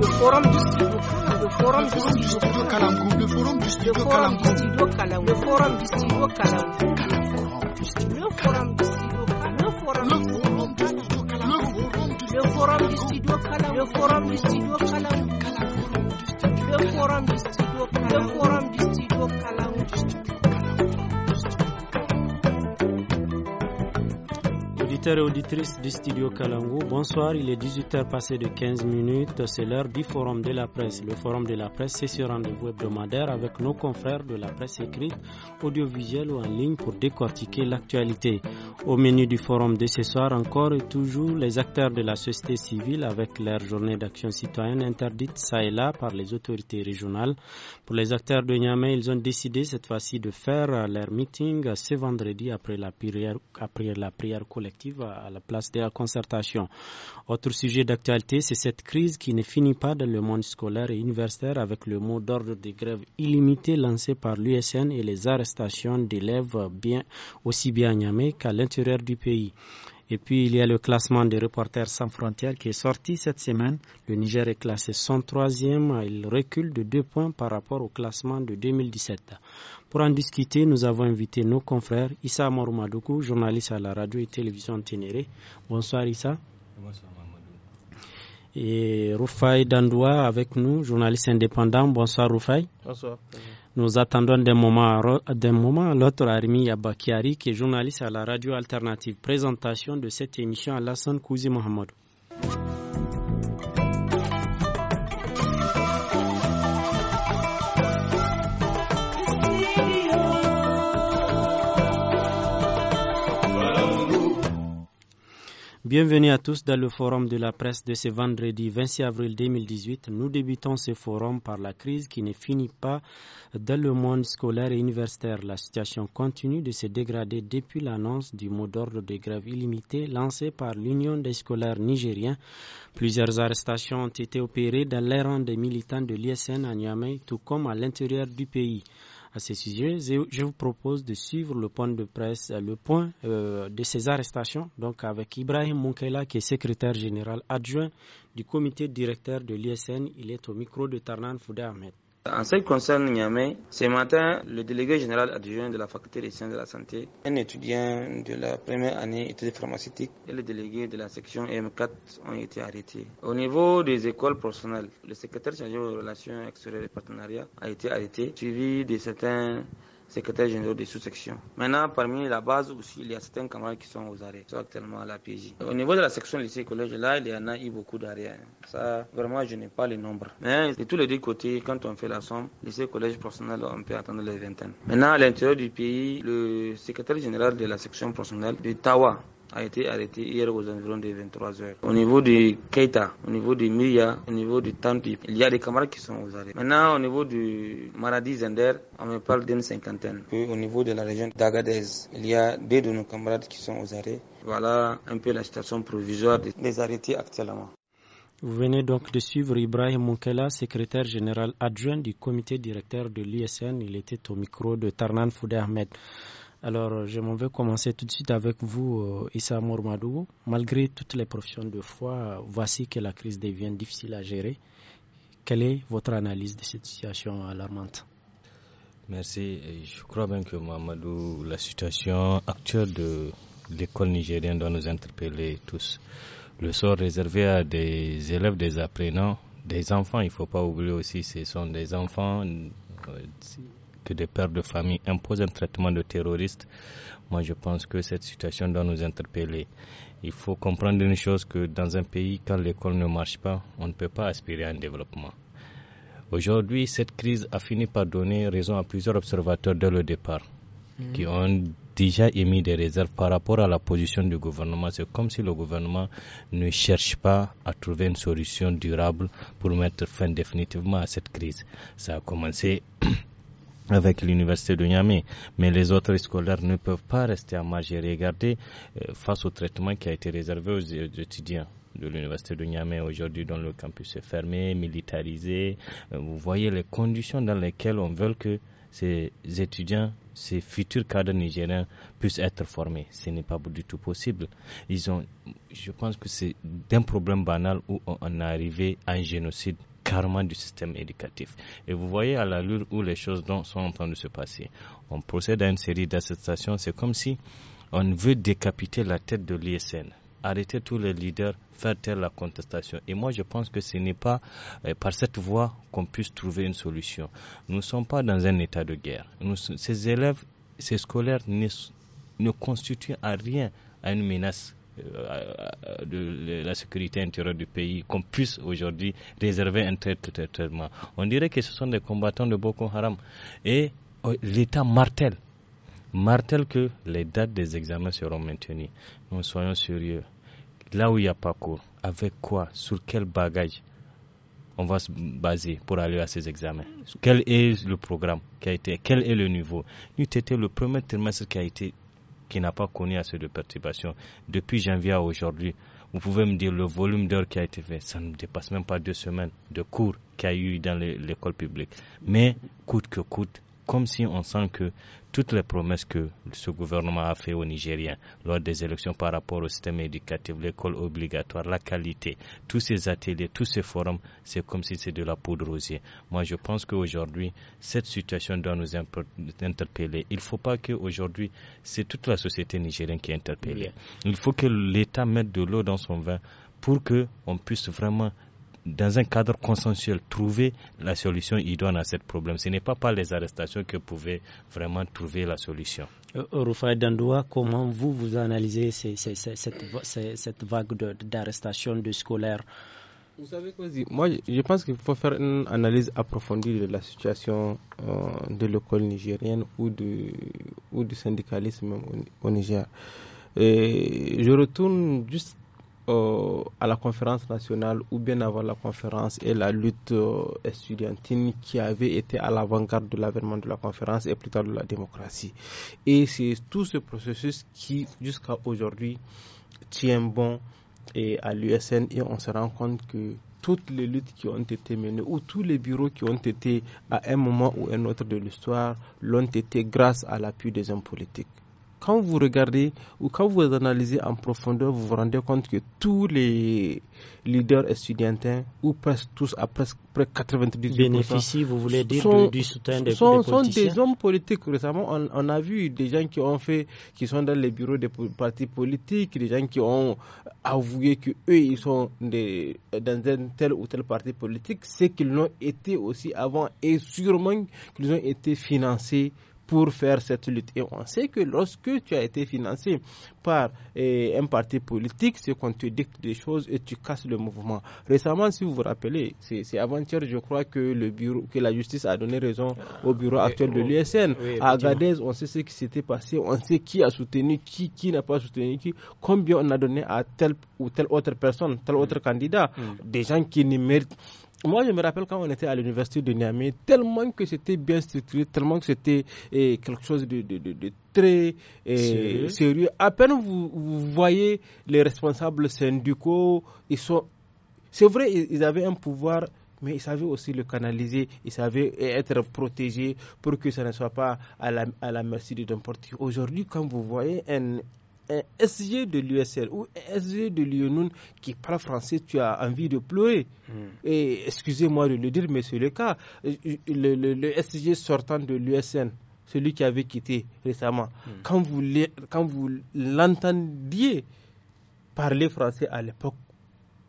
le forum du studio le forum du forum, Kalamkou le forum du studio Kalamkou le forum du studio Kalamkou le forum du studio Kalamkou le forum du studio Kalamkou le forum du studio Kalamkou le forum du studio Kalamkou le forum du studio Kalamkou le forum du studio Kalamkou studio bonsoir. Il est 18h passé de 15 minutes. C'est l'heure du Forum de la presse. Le Forum de la presse, c'est ce rendez-vous hebdomadaire avec nos confrères de la presse écrite, audiovisuelle ou en ligne pour décortiquer l'actualité. Au menu du Forum de ce soir, encore et toujours, les acteurs de la société civile avec leur journée d'action citoyenne interdite ça et là par les autorités régionales. Pour les acteurs de Niamey, ils ont décidé cette fois-ci de faire leur meeting ce vendredi après la prière collective à la place de la concertation. Autre sujet d'actualité, c'est cette crise qui ne finit pas dans le monde scolaire et universitaire avec le mot d'ordre des grèves illimitées lancé par l'USN et les arrestations d'élèves bien, aussi bien à qu'à l'intérieur du pays. Et puis, il y a le classement des Reporters sans frontières qui est sorti cette semaine. Le Niger est classé 103e. Il recule de deux points par rapport au classement de 2017. Pour en discuter, nous avons invité nos confrères Issa Morumadoukou, journaliste à la radio et télévision Ténéré. Bonsoir Issa. Bonsoir Mamadou. Et Rufai Dandoua avec nous, journaliste indépendant. Bonsoir Rufai. Bonsoir. Nous attendons des moment, à l'autre Armi Yabakiari, qui est journaliste à la radio alternative. Présentation de cette émission à Lassan Kouzi Mohamed. Bienvenue à tous dans le forum de la presse de ce vendredi 26 avril 2018. Nous débutons ce forum par la crise qui ne finit pas dans le monde scolaire et universitaire. La situation continue de se dégrader depuis l'annonce du mot d'ordre de grève illimitée lancé par l'Union des scolaires nigériens. Plusieurs arrestations ont été opérées dans les rangs des militants de l'ISN à Niamey, tout comme à l'intérieur du pays à ce sujet. Je vous propose de suivre le point de presse, euh, le point euh, de ces arrestations, donc avec Ibrahim Moukela, qui est secrétaire général adjoint du comité directeur de l'ISN. Il est au micro de Tarnan Fouda Ahmed. En ce qui concerne Niamey, ce matin, le délégué général adjoint de la faculté des sciences de la santé, un étudiant de la première année études pharmaceutiques et le délégué de la section M4 ont été arrêtés. Au niveau des écoles personnelles, le secrétaire chargé aux relations extérieures et partenariats a été arrêté, suivi de certains secrétaire général des sous-sections. Maintenant, parmi la base aussi, il y a certains camarades qui sont aux arrêts, soit sont actuellement à la PJ. Au niveau de la section lycée collège, là, il y en a eu beaucoup d'arrêts. Hein. Ça, vraiment, je n'ai pas les nombres. Mais de tous les deux côtés, quand on fait la somme, lycée collège personnel, on peut attendre les vingtaines. Maintenant, à l'intérieur du pays, le secrétaire général de la section professionnelle de Tawa a été arrêté hier aux environs de 23 heures. Au niveau de Keita, au niveau de Mia, au niveau de Tantip, il y a des camarades qui sont aux arrêts. Maintenant, au niveau du Maradi Zender, on me parle d'une cinquantaine. au niveau de la région d'Agadez, il y a deux de nos camarades qui sont aux arrêts. Voilà un peu la situation provisoire des arrêtés actuellement. Vous venez donc de suivre Ibrahim Moukela, secrétaire général adjoint du comité directeur de l'ISN. Il était au micro de Tarnan Foudé Ahmed. Alors, euh, je m'en vais commencer tout de suite avec vous, euh, Issa Mourmadou. Malgré toutes les professions de foi, euh, voici que la crise devient difficile à gérer. Quelle est votre analyse de cette situation alarmante Merci. Je crois bien que Mourmadou, la situation actuelle de l'école nigérienne doit nous interpeller tous. Le sort réservé à des élèves, des apprenants, des enfants, il ne faut pas oublier aussi, ce sont des enfants des pères de famille imposent un traitement de terroriste, moi je pense que cette situation doit nous interpeller. Il faut comprendre une chose que dans un pays, quand l'école ne marche pas, on ne peut pas aspirer à un développement. Aujourd'hui, cette crise a fini par donner raison à plusieurs observateurs dès le départ, mmh. qui ont déjà émis des réserves par rapport à la position du gouvernement. C'est comme si le gouvernement ne cherche pas à trouver une solution durable pour mettre fin définitivement à cette crise. Ça a commencé avec l'université de Niamey. Mais les autres scolaires ne peuvent pas rester à marge et regarder euh, face au traitement qui a été réservé aux euh, étudiants de l'université de Niamey aujourd'hui dont le campus est fermé, militarisé. Euh, vous voyez les conditions dans lesquelles on veut que ces étudiants, ces futurs cadres nigériens puissent être formés. Ce n'est pas du tout possible. Ils ont, je pense que c'est d'un problème banal où on est arrivé à un génocide carrément du système éducatif. Et vous voyez à l'allure où les choses sont en train de se passer. On procède à une série d'assassinations. C'est comme si on veut décapiter la tête de l'ISN arrêter tous les leaders, faire taire la contestation. Et moi, je pense que ce n'est pas euh, par cette voie qu'on puisse trouver une solution. Nous ne sommes pas dans un état de guerre. ces élèves, ces scolaires ne, ne constituent à rien à une menace euh, euh, de la sécurité intérieure du pays, qu'on puisse aujourd'hui réserver un traitement. On dirait que ce sont des combattants de Boko Haram. Et oh, l'État martèle, martèle que les dates des examens seront maintenues. Nous soyons sérieux. Là où il n'y a pas cours, avec quoi, sur quel bagage on va se baser pour aller à ces examens. Quel est le programme qui a été, quel est le niveau Nous, c'était le premier trimestre qui a été qui n'a pas connu assez de perturbations. Depuis janvier à aujourd'hui, vous pouvez me dire le volume d'heures qui a été fait. Ça ne dépasse même pas deux semaines de cours qu'il y a eu dans l'école publique. Mais coûte que coûte, comme si on sent que toutes les promesses que ce gouvernement a fait aux Nigériens lors des élections par rapport au système éducatif, l'école obligatoire, la qualité, tous ces ateliers, tous ces forums, c'est comme si c'est de la poudre aux yeux. Moi, je pense qu'aujourd'hui, cette situation doit nous interpeller. Il ne faut pas qu'aujourd'hui, c'est toute la société nigérienne qui est interpellée. Il faut que l'État mette de l'eau dans son vin pour qu'on puisse vraiment dans un cadre consensuel, trouver la solution idoine à ce problème. Ce n'est pas par les arrestations que pouvait vraiment trouver la solution. Euh, Rufai Dandoua, comment vous, vous analysez cette, vague d'arrestations de, scolaires vous savez quoi Moi, je pense qu'il faut faire une analyse approfondie de la situation euh, de l'école nigérienne ou du, ou du syndicalisme au, au Niger. je retourne juste euh, à la conférence nationale ou bien avant la conférence et la lutte euh, estudiantine qui avait été à l'avant-garde de l'avènement de la conférence et plus tard de la démocratie. Et c'est tout ce processus qui, jusqu'à aujourd'hui, tient bon et à l'USN et on se rend compte que toutes les luttes qui ont été menées ou tous les bureaux qui ont été à un moment ou un autre de l'histoire l'ont été grâce à l'appui des hommes politiques quand vous regardez ou quand vous analysez en profondeur, vous vous rendez compte que tous les leaders étudiantins ou presque tous à presque près 90% bénéficient, vous voulez dire, sont, du, soutien des, Ce sont des hommes politiques. Récemment, on, a vu des gens qui ont fait, qui sont dans les bureaux des partis politiques, des gens qui ont avoué que eux, ils sont dans un tel ou tel parti politique, c'est qu'ils l'ont été aussi avant et sûrement qu'ils ont été financés pour faire cette lutte. Et on sait que lorsque tu as été financé par eh, un parti politique, c'est qu'on te dicte des choses et tu casses le mouvement. Récemment, si vous vous rappelez, c'est avant-hier, je crois que le bureau, que la justice a donné raison ah, au bureau actuel de l'USN. à Agadez, on sait ce qui s'était passé, on sait qui a soutenu qui, qui n'a pas soutenu qui, combien on a donné à telle ou telle autre personne, tel mm. autre candidat, mm. des gens qui ne méritent moi, je me rappelle quand on était à l'université de Niamey, tellement que c'était bien structuré, tellement que c'était eh, quelque chose de, très eh, sérieux. À peine vous, voyez les responsables syndicaux, ils sont. C'est vrai, ils, avaient un pouvoir mais ils savaient aussi le canaliser, ils savaient être protégés pour que ça ne soit pas à la, à la merci de n'importe Aujourd'hui, quand vous voyez un, un SG de l'USL ou un SG de l'UNUN qui parle français, tu as envie de pleurer. Hmm. Et excusez-moi de le dire, mais c'est le cas. Le, SG sortant de l'USN, celui qui avait quitté récemment, hmm. quand vous l'entendiez parler français à l'époque,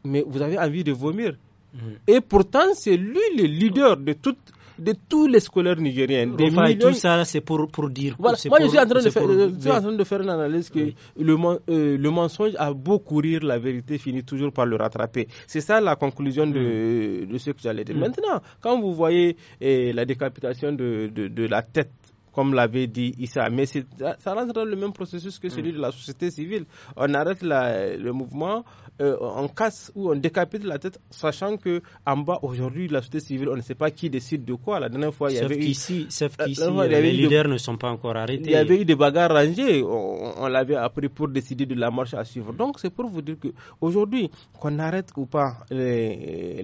mais vous avez envie de vomir. Hmm. Et pourtant, c'est lui le leader de toute de tous les scolaires nigériens. tout ça, c'est pour, dire. Moi, je suis en train, de faire, une analyse que euh, le, mensonge a beau courir, la vérité finit toujours par le rattraper. C'est ça la conclusion de, mm. ce que j'allais dire. Mm. Maintenant, quand vous voyez eh, la décapitation de la tête comme l'avait dit Issa. Mais ça rentre dans le même processus que celui mm. de la société civile. On arrête le mouvement, euh, on casse ou on décapite la tête, sachant que en bas, aujourd'hui, la société civile, on ne sait pas qui décide de quoi. La dernière fois, il y avait ici, eu... Euh, les leaders ne sont pas encore arrêtés. Il y avait eu des bagarres rangées. On, l'avait appris pour décider de la marche à suivre. Donc, c'est pour vous dire qu'aujourd'hui, qu'on arrête ou pas les,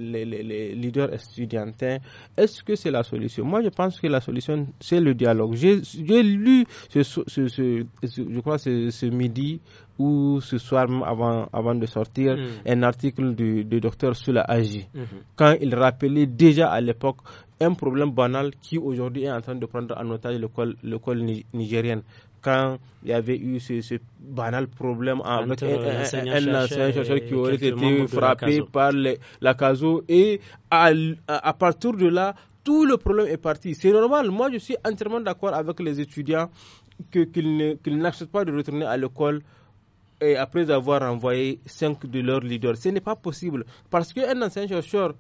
leaders estudiantins, est-ce que c'est la solution Moi, je pense que la solution, c'est le dialogue j'ai lu, ce, je crois, ce, midi ou ce soir avant, avant de sortir, hmm. un article du, docteur Sula Agi, hmm. quand il rappelait déjà à l'époque un problème banal qui aujourd'hui est en train de prendre en otage l'école nigérienne quand il y avait eu ce, banal problème avec un, un, chercheur, qui aurait été frappé par la CASO. Et à, partir de là, tout le problème est parti. C'est normal. Moi, je suis entièrement d'accord avec les étudiants qu'ils qu n'acceptent pas de retourner à l'école et après avoir envoyé cinq de leurs leaders. Ce n'est pas possible. Parce qu'un ancien chercheur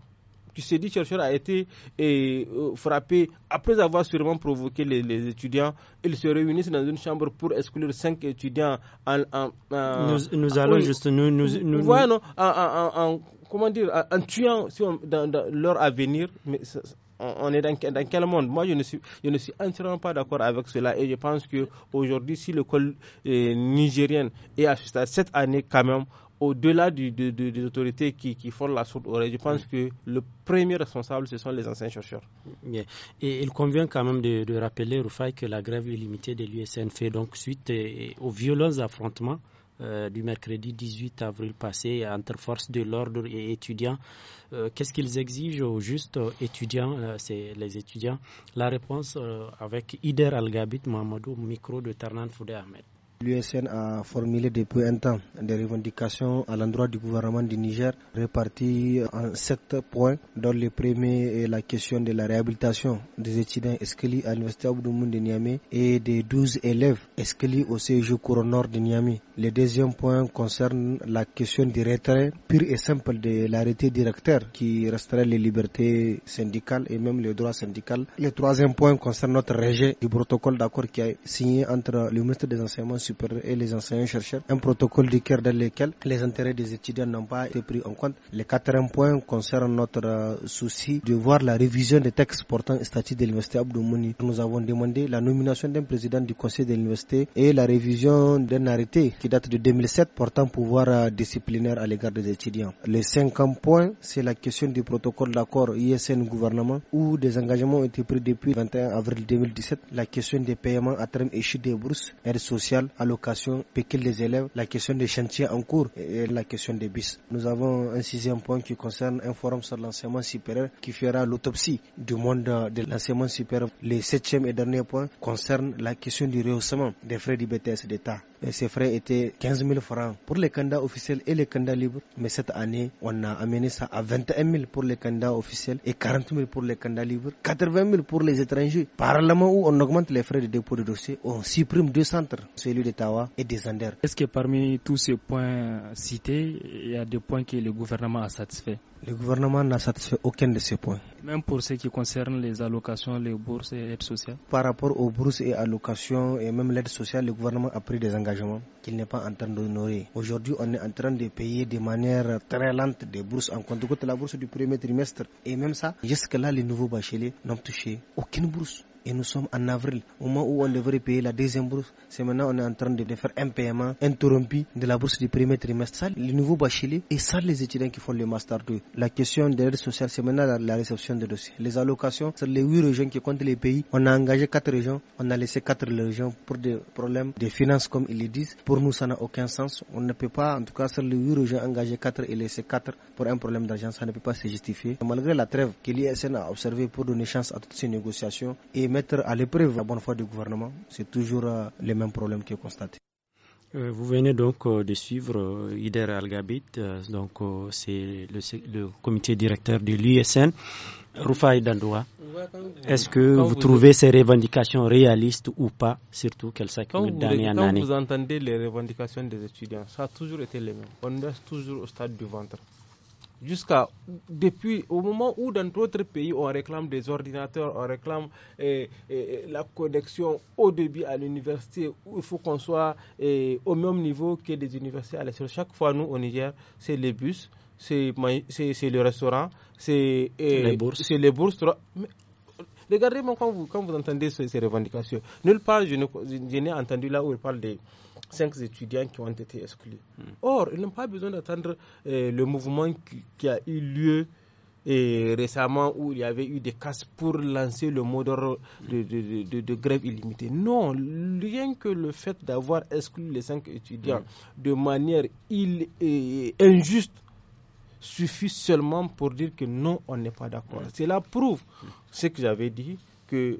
qui s'est dit chercheur a été et, eh, euh, frappé après avoir sûrement provoqué les, étudiants. Ils se réunissent dans une chambre pour exclure cinq étudiants en... en, nous, allons juste... Nous, en, comment dire, en, tuant dans, leur avenir. Mais on, est dans, quel monde Moi, je ne suis, je ne suis entièrement pas d'accord avec cela et je pense qu'aujourd'hui, si l'école euh, nigérienne est à cette année quand même au-delà des autorités qui, qui, font la sorte, je pense mm. que le premier responsable, ce sont les anciens chercheurs. Mm, et il convient quand même de, rappeler, Rufai, que la grève illimitée de l'USN fait donc suite euh, aux violents affrontements euh, du mercredi 18 avril passé entre forces de l'ordre et étudiants. Euh, qu'est-ce qu'ils exigent aux justes euh, étudiants, c'est les étudiants La réponse avec Ider Al-Gabit Mamadou, micro de Tarnan Foudé Ahmed. L'USN a formulé depuis un temps des revendications à l'endroit du gouvernement du Niger réparties en sept points, dont le premier est la question de la réhabilitation des étudiants escaliers à l'Université Abdoumoun de Niamey et des douze élèves escaliers au CEJ Couron Nord de Niamey. Le deuxième point concerne la question du retrait pur et simple de l'arrêté directeur qui restreint les libertés syndicales et même les droits syndicaux. Le troisième point concerne notre rejet du protocole d'accord qui a signé entre le ministre des Enseignements supérieurs et les enseignants-chercheurs, un protocole du cœur dans lequel les intérêts des étudiants n'ont pas été pris en compte. Le quatrième point concerne notre euh, souci de voir la révision des textes portant statut de l'université Abdoumouni. Nous avons demandé la nomination d'un président du conseil de l'université et la révision d'un arrêté qui qui date de 2007 portant pouvoir euh, disciplinaire à l'égard des étudiants. Les cinquième points, c'est la question du protocole d'accord ISN-gouvernement où des engagements ont été pris depuis 21 avril 2017. La question des paiements à terme échu des bourses, aide sociale, allocation, péquille des élèves, la question des chantiers en cours et la question des bis. Nous avons un sixième point qui concerne un forum sur l'enseignement supérieur qui fera l'autopsie du monde euh, de l'enseignement supérieur. Le septième et dernier point concerne la question du rehaussement des frais du BTS d'État. Ces frais étaient 15 000 francs pour les candidats officiels et les candidats libres. Mais cette année, on a amené ça à 21 000 pour les candidats officiels et 40 000 pour les candidats libres, 80 000 pour les étrangers. Parlement où on augmente les frais de dépôt de dossier, on supprime deux centres, celui de Tawa et des Anders. Est-ce que parmi tous ces points cités, il y a des points que le gouvernement a satisfaits le gouvernement n'a satisfait aucun de ces points. Même pour ce qui concerne les allocations, les bourses et l'aide sociale Par rapport aux bourses et allocations et même l'aide sociale, le gouvernement a pris des engagements qu'il n'est pas en train d'honorer. Aujourd'hui, on est en train de payer de manière très lente des bourses en compte de la bourse du premier trimestre. Et même ça, jusque-là, les nouveaux bacheliers n'ont touché aucune bourse et nous sommes en avril, au moment où on devrait payer la deuxième bourse. C'est maintenant on est en train de faire un paiement interrompu de la bourse du premier trimestre. Ça, les nouveaux bacheliers et ça, les étudiants qui font le master 2. La question de l'aide sociale, c'est maintenant la, réception des dossiers. Les allocations, c'est les huit régions qui comptent les pays. On a engagé quatre régions, on a laissé quatre régions pour des problèmes de finances, comme ils le disent. Pour nous, ça n'a aucun sens. On ne peut pas, en tout cas, sur les huit régions, engager quatre et laisser quatre pour un problème d'argent. Ça ne peut pas se justifier. Malgré la trêve que l'ISN a observée pour donner chance à toutes ces négociations et même mettre à l'épreuve la bonne foi du gouvernement, c'est toujours euh, les mêmes problèmes qui est constaté. Euh, vous venez donc euh, de suivre Ider Al-Gabit, donc c'est le, comité directeur de l'USN, Roufaï Dandoua. Est-ce que vous, trouvez ces revendications réalistes ou pas, surtout qu'elles s'accumulent d'année en année Quand vous entendez les revendications des étudiants, ça a toujours été les mêmes. On reste toujours au stade du ventre jusqu'à depuis au moment où dans d'autres pays on réclame des ordinateurs, on réclame eh, eh, eh, la connexion au débit à l'université où il faut qu'on soit au même niveau que des universités à Chaque fois nous au Niger, c'est les bus, c'est le restaurant, c'est les bourses, les bourses Regardez-moi quand vous, quand vous entendez ces, ces, revendications. Nulle part, je n'ai entendu là où il parle des, cinq étudiants qui ont été exclus. Hmm. Or, ils n'ont pas besoin d'attendre euh, le mouvement qui, a eu lieu euh, récemment où il y avait eu des casses pour lancer le mot de, grève illimitée. Non, rien que le fait d'avoir exclu les cinq étudiants hmm. de manière euh, injuste suffit seulement pour dire que non, on n'est pas d'accord. Mmh. Cela prouve ce que j'avais dit, que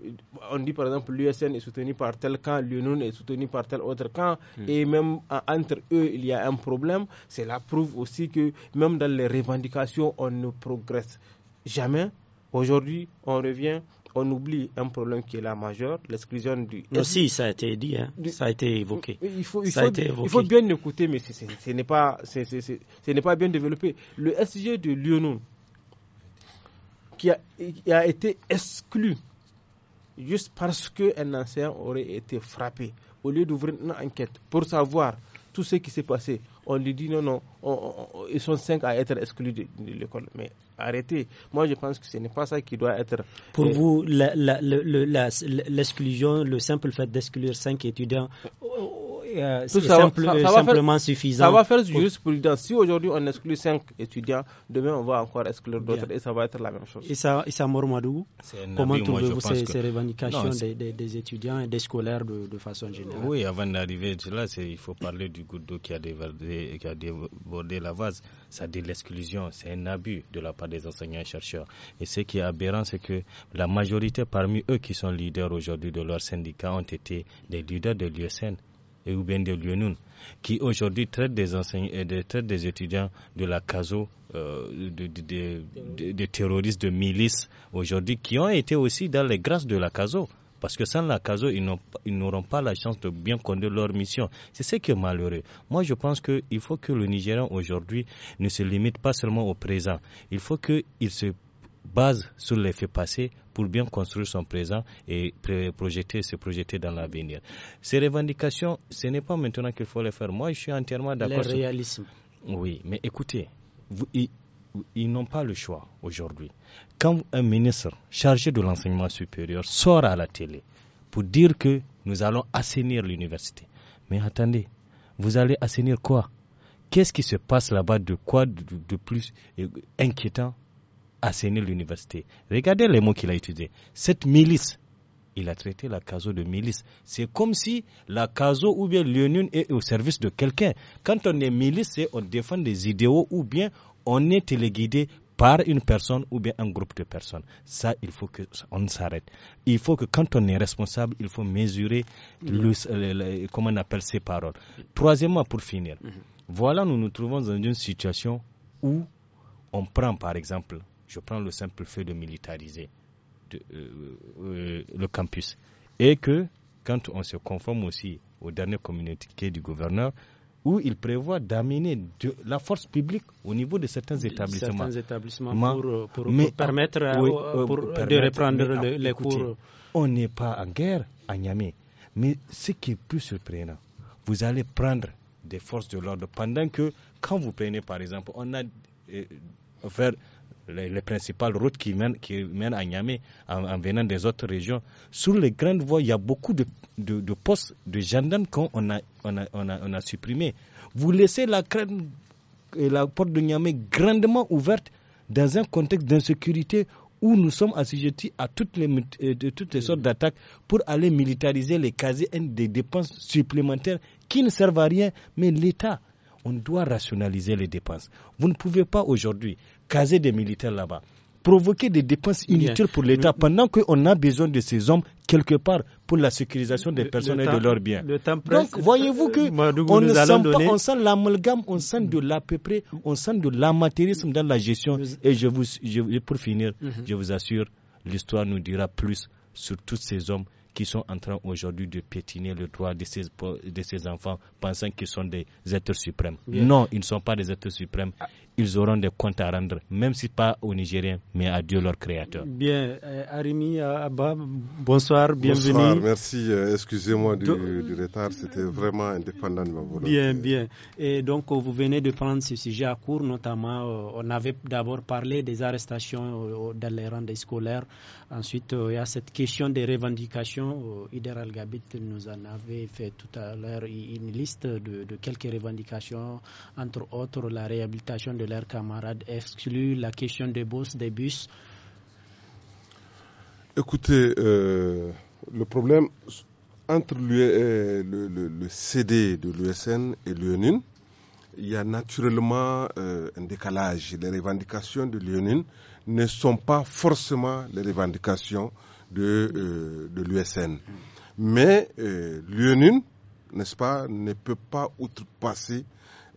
on dit par exemple l'USN est soutenu par tel camp, l'UNUN est soutenu par tel autre camp, hmm. et même entre eux il y a un problème, cela prouve aussi que même dans les revendications on ne progresse jamais. Aujourd'hui on revient on oublie un problème qui est la majeur, l'exclusion du. Aussi, ça a été dit, hein. ça a été évoqué. Il faut, bien écouter, mais ce n'est pas, ce n'est pas bien développé. Le SG de l'UNUN qui a été exclu juste parce qu'un ancien aurait été frappé. Au lieu d'ouvrir une enquête pour savoir tout ce qui s'est passé, on lui dit non, non, ils sont cinq à être exclus de, l'école. Mais arrêtez. Moi, je pense que ce n'est pas ça qui doit être. Pour euh, vous, l'exclusion, le simple fait d'exclure cinq étudiants euh, Tout ça ça, va faire, suffisant. Ça va Si aujourd'hui on exclut 5 étudiants, demain on va encore exclure d'autres et ça va être la même chose. Et ça, et ça Mormadou, comment trouvez-vous ces, revendications des, étudiants et des scolaires de, de façon générale Oui, avant d'arriver là, il faut parler du goutte d'eau qui a débordé, qui a débordé la vase. Ça dit l'exclusion, c'est un abus de la part des enseignants et chercheurs. Et ce qui est aberrant, c'est que la majorité parmi eux qui sont leaders aujourd'hui de leur syndicat ont été des leaders de l'USN ou bien des Lyonoun, qui aujourd'hui traitent des enseignants et traitent des étudiants de la CASO, euh, des de, de, terroristes, de milices aujourd'hui, qui ont été aussi dans les grâces de la CASO. Parce que sans la CASO, ils n'auront pas la chance de bien conduire leur mission. C'est ce qui est malheureux. Moi, je pense qu'il faut que le Nigérian aujourd'hui ne se limite pas seulement au présent. Il faut qu'il se base sur les faits passés pour bien construire son présent et se projeter dans l'avenir. Ces revendications, ce n'est pas maintenant qu'il faut les faire. Moi, je suis entièrement d'accord. Le réalisme. Oui, mais écoutez, ils, n'ont pas le choix aujourd'hui. Quand un ministre chargé de l'enseignement supérieur sort à la télé pour dire que nous allons assainir l'université, mais attendez, vous allez assainir quoi Qu'est-ce qui se passe là-bas de quoi de plus inquiétant assainir l'université. Regardez les mots qu'il a étudiés. Cette milice, il a traité la CASO de milice. C'est comme si la CASO ou bien l'Union est au service de quelqu'un. Quand on est milice, c'est on défend des idéaux ou bien on est téléguidé par une personne ou bien un groupe de personnes. Ça, il faut qu'on s'arrête. Il faut que quand on est responsable, il faut mesurer comment on appelle ces paroles. Troisièmement, pour finir, mhm. voilà, nous nous trouvons dans une situation où on prend, par exemple, je prends le simple fait de militariser euh, euh, le campus. Et que, quand on se conforme aussi aux dernier communiqués du gouverneur, où il prévoit d'amener la force publique au niveau de certains établissements. Euh, pour, permettre, de reprendre les cours. On n'est pas en guerre à Niamey. Mais ce qui est plus surprenant, vous allez prendre des forces de l'ordre pendant que, quand vous prenez par exemple, on a offert les, principales routes qui mènent, qui mènent à Niamey en, venant des autres régions. Sur les grandes voies, il y a beaucoup de, de, postes de gendarmes qu'on a, on a, on a, on a supprimés. Vous laissez la, crème, euh, la porte de Niamey grandement ouverte dans un contexte d'insécurité où nous sommes assujettis à toutes les, euh, de toutes sortes d'attaques pour aller militariser les casiers des dépenses supplémentaires qui ne servent à rien, mais l'État on doit rationaliser les dépenses. Vous ne pouvez pas aujourd'hui caser des militaires là-bas provoquer des dépenses inutiles pour l'État pendant qu'on a besoin de ces hommes quelque part pour la sécurisation des personnes et de leurs biens. Donc voyez-vous que euh, on ne sent pas, on sent l'amalgame, on sent de l'à on sent de l'amatérisme dans la gestion. Et je vous, je, pour finir, mhm. je vous assure, l'histoire nous dira plus sur tous ces hommes qui sont en train aujourd'hui de piétiner le droit de ces, de enfants, pensant qu'ils sont des êtres suprêmes. Non, ils ne sont pas des êtres suprêmes. Ah ils auront des comptes à rendre, même si pas aux Nigériens, mais à Dieu leur Créateur. Bien, euh, Arimi euh, Abba, bonsoir, bienvenue. Bonsoir, merci, euh, excusez-moi du, retard, c'était vraiment indépendant de ma volonté. Bien, bien. Et donc, vous venez de prendre ce sujet à court, notamment, on avait d'abord parlé des arrestations dans les rangs des scolaires. Ensuite, il y a cette question des revendications. Ider Al-Gabit nous en avait fait tout à l'heure une liste de quelques revendications, entre autres la réhabilitation de leurs camarades, exclut la question des bourses des bus Écoutez, euh, le problème entre e, euh, le, CD de l'USN et l'UNIN, il y a naturellement euh, un décalage. Les revendications de l'UNIN ne sont pas forcément les revendications de, de l'USN. Mais l'UNIN, n'est-ce pas, ne peut pas outrepasser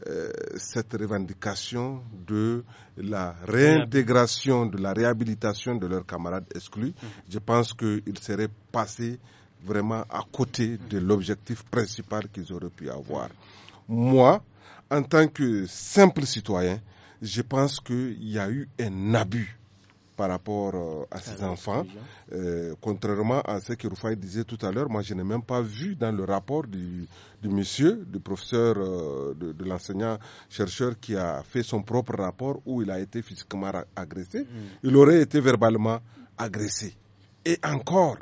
euh, cette revendication de la réintégration, de la réhabilitation de leurs camarades exclus. Mhm. Je pense qu'ils seraient passés vraiment à côté de mhm. l'objectif principal qu'ils auraient pu avoir. Moi, en tant que simple citoyen, je pense qu'il y a eu un abus par rapport euh, à ses enfants. Euh, contrairement à ce que Rufai disait tout à l'heure, moi je n'ai même pas vu dans le rapport du, monsieur, du professeur, euh, de, l'enseignant-chercheur qui a fait son propre rapport où il a été physiquement agressé, mm. il aurait été verbalement agressé. Et encore,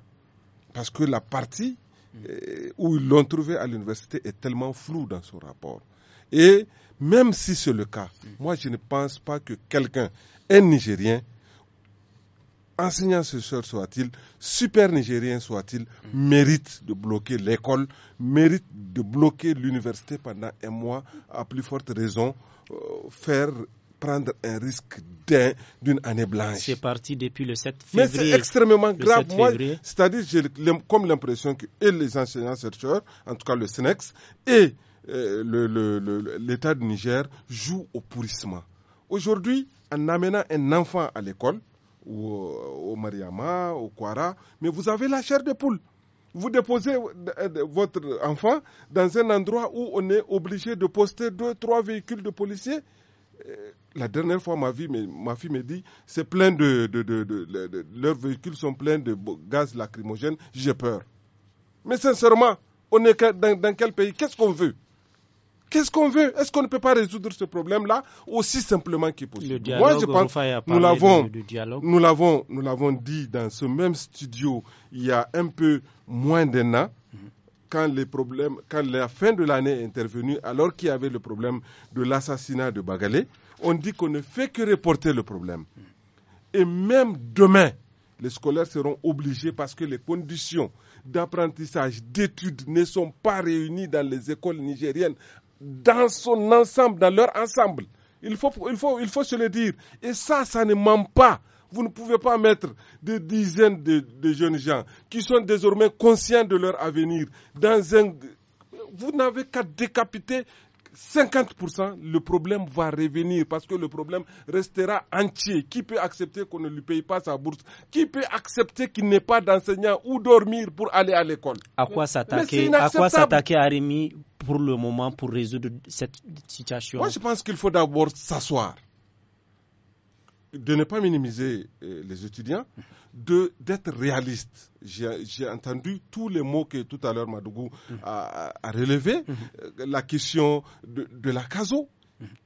parce que la partie mm. où ils l'ont trouvé à l'université est tellement floue dans son rapport. Et même si c'est le cas, mm. moi je ne pense pas que quelqu'un, un Nigérien, enseignant-chercheur soit-il, super nigérien soit-il, mérite de bloquer l'école, mérite de bloquer l'université pendant un mois, à plus forte raison, euh, faire prendre un risque d'une année blanche. C'est parti depuis le 7 février. Mais c'est extrêmement grave. Moi, c'est-à-dire, j'ai comme l'impression que les enseignants-chercheurs, en tout cas le SNEX, et euh, l'État du Niger jouent au pourrissement. Aujourd'hui, en amenant un enfant à l'école, ou euh, au, Mariama, au Kwara, mais vous avez la chair de poule. Vous déposez euh, euh, votre enfant dans un endroit où on est obligé de poster deux, trois véhicules de policiers. La dernière fois, ma, vie, ma fille me dit, c'est plein de, Leurs véhicules sont pleins de gaz lacrymogène, j'ai peur. Mais sincèrement, on est dans quel pays Qu'est-ce qu'on veut Qu'est-ce qu'on veut Est-ce qu'on ne peut pas résoudre ce problème-là aussi simplement qu'il possible dialogue, Moi, je pense nous l'avons, nous l'avons, dit dans ce même studio il y a un peu moins d'un an. Mhm. Quand, quand la fin de l'année est intervenue, alors qu'il y avait le problème de l'assassinat de Bagalé, on dit qu'on ne fait que reporter le problème. Mhm. Et même demain, les scolaires seront obligés parce que les conditions d'apprentissage, d'études ne sont pas réunies dans les écoles nigériennes dans son ensemble, dans leur ensemble. Il faut, il faut, il faut se le dire. Et ça, ça ne ment pas. Vous ne pouvez pas mettre des dizaines de, jeunes gens qui sont désormais conscients de leur avenir dans un vous n'avez qu'à décapiter 50%, le problème va revenir parce que le problème restera entier. Qui peut accepter qu'on ne lui paye pas sa bourse Qui peut accepter qu'il n'ait pas d'enseignant ou dormir pour aller à l'école À quoi s'attaquer À quoi s'attaquer pour le moment pour résoudre cette situation Moi, je pense qu'il faut d'abord s'asseoir de ne pas minimiser euh, les étudiants, de d'être réaliste. J'ai entendu tous les mots que tout à l'heure Madougou a, a relevé. Euh, la question de, de la CASO,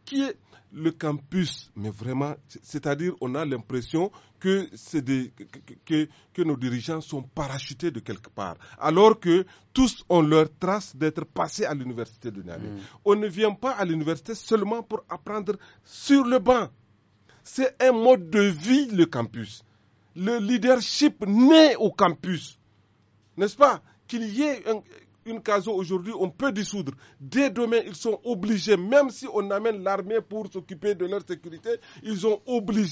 qui est le campus, mais vraiment, c'est-à-dire on a l'impression que, des, que, que, nos dirigeants sont parachutés de quelque part, alors que tous ont leur trace d'être passés à l'université de Niamey. Mm. On ne vient pas à l'université seulement pour apprendre sur le banc c'est un mode de vie, le campus. Le leadership naît au campus. N'est-ce pas Qu'il y ait un, une casse aujourd'hui, on peut dissoudre. Dès demain, ils sont obligés, même si on amène l'armée pour s'occuper de leur sécurité, ils, ont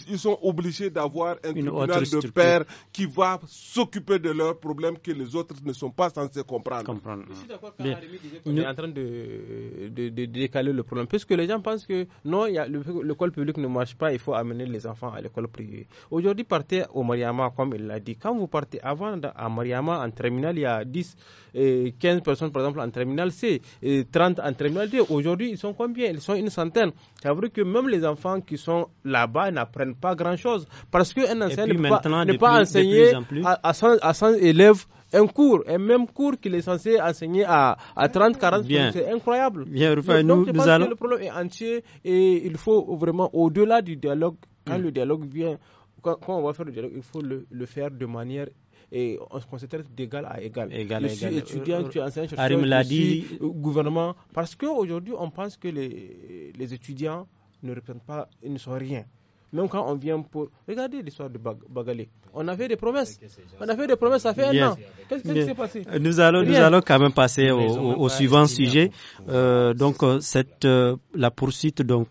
ils sont obligés d'avoir un une tribunal de père qui va s'occuper de leurs problèmes que les autres ne sont pas censés comprendre. Je suis d'accord quand disait qu'on est en train de, décaler le problème, puisque les gens pensent que non, l'école publique ne marche pas, il faut amener les enfants à l'école privée. Aujourd'hui, partez au Mariama, comme il l'a dit. Quand vous partez avant à Mariama, en terminale, il y a 10, et 15 personnes, par exemple, en terminal C, et 30 en terminal D. Aujourd'hui, ils sont combien Ils sont une centaine. C'est vrai que même les enfants qui sont là-bas n'apprennent pas grand-chose parce qu'un enseignant ne pas, ne enseigner à, 100, élèves un cours, un même cours qu'il est censé enseigner à, 30, 40 C'est incroyable. Bien, nous, je le problème est entier et il faut vraiment, au-delà du dialogue, quand hmm. le dialogue vient, quand, on va faire le dialogue, il faut le, le faire de manière et on se considère d'égal à égal. égal je suis étudiant, tu enseignes, enseignant, je suis gouvernement. Parce qu'aujourd'hui, on pense que les, les étudiants ne représentent pas, ils ne sont rien. Même quand on vient pour... Regardez l'histoire de Bag Bagalé. On avait des promesses. On avait des promesses, à fait un an. Qu'est-ce qui s'est passé nous allons, nous allons quand même passer au, suivant sujet. Euh, donc, euh, cette, euh, la poursuite donc,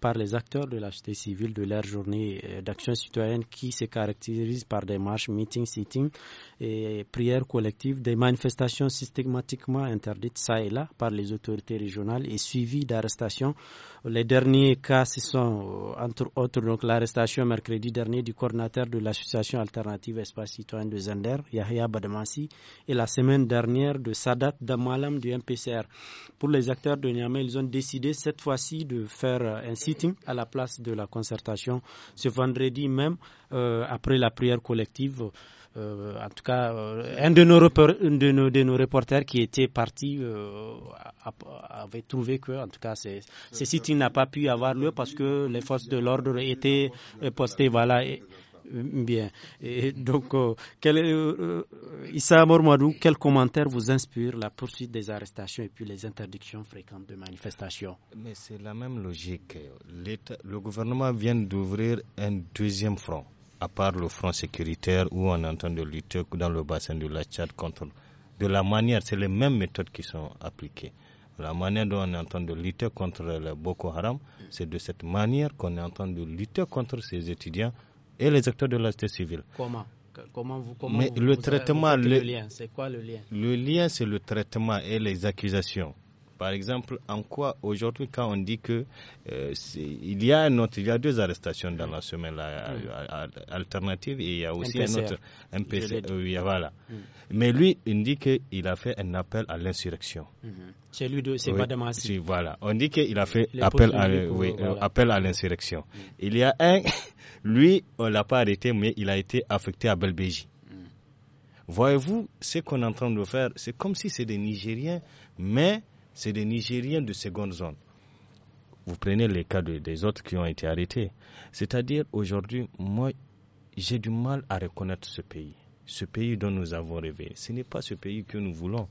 par les acteurs de la société civile de leur journée d'action citoyenne qui se caractérise par des marches, meetings, sittings et prières collectives, des manifestations systématiquement interdites ça et là par les autorités régionales et suivies d'arrestations. Les derniers cas, ce sont entre autres l'arrestation mercredi dernier du coordinateur de l'association Alternative Espace Citoyen de Zender, Yahya Badamassi, et la semaine dernière de Sadat Damalam du MPCR. Pour les acteurs de Niamey, ils ont décidé cette fois-ci de faire euh, un sitting à la place de la concertation ce vendredi même, euh, après la prière collective. Euh, en tout cas, un, de nos reporters qui était parti avait trouvé que, en tout cas, ce sitting n'a pas pu avoir lieu parce que les forces de l'ordre étaient postées. Voilà bien. Et donc, euh, euh, Issa Mormadou, quel commentaire vous inspire la poursuite des arrestations et puis les interdictions fréquentes de manifestations Mais c'est la même logique. Le gouvernement vient d'ouvrir un deuxième front, à part le front sécuritaire où on entend de lutter dans le bassin de la Tchad contre. De la manière, c'est les mêmes méthodes qui sont appliquées la manière dont on est en train de lutter contre le Boko Haram, c'est de cette manière qu'on est en train de lutter contre ces étudiants et les acteurs de la société civile. Comment Comment vous, comment Mais le traitement, le lien, c'est quoi le lien Le lien, c'est le traitement et les accusations. Par exemple, en quoi aujourd'hui, quand on dit que euh, il y a un autre, il y a deux arrestations dans la semaine mm. alternative et il y a aussi un, autre, voilà. Mm. Mais lui, il dit qu'il a fait un appel à l'insurrection. Mm-hmm. C'est lui de, c'est oui, voilà. On dit qu'il a fait appel à, appel à l'insurrection. Il y a un, lui, on l'a pas arrêté, mais il a été affecté à Belbéji. Mm. Voyez-vous, ce qu'on est en train de faire, c'est comme si c'était des Nigériens, mais c'est des Nigériens de seconde zone. Vous prenez les cas des autres qui ont été arrêtés. C'est-à-dire, aujourd'hui, moi, j'ai du mal à reconnaître ce pays, ce pays dont nous avons rêvé. Ce n'est pas ce pays que nous voulons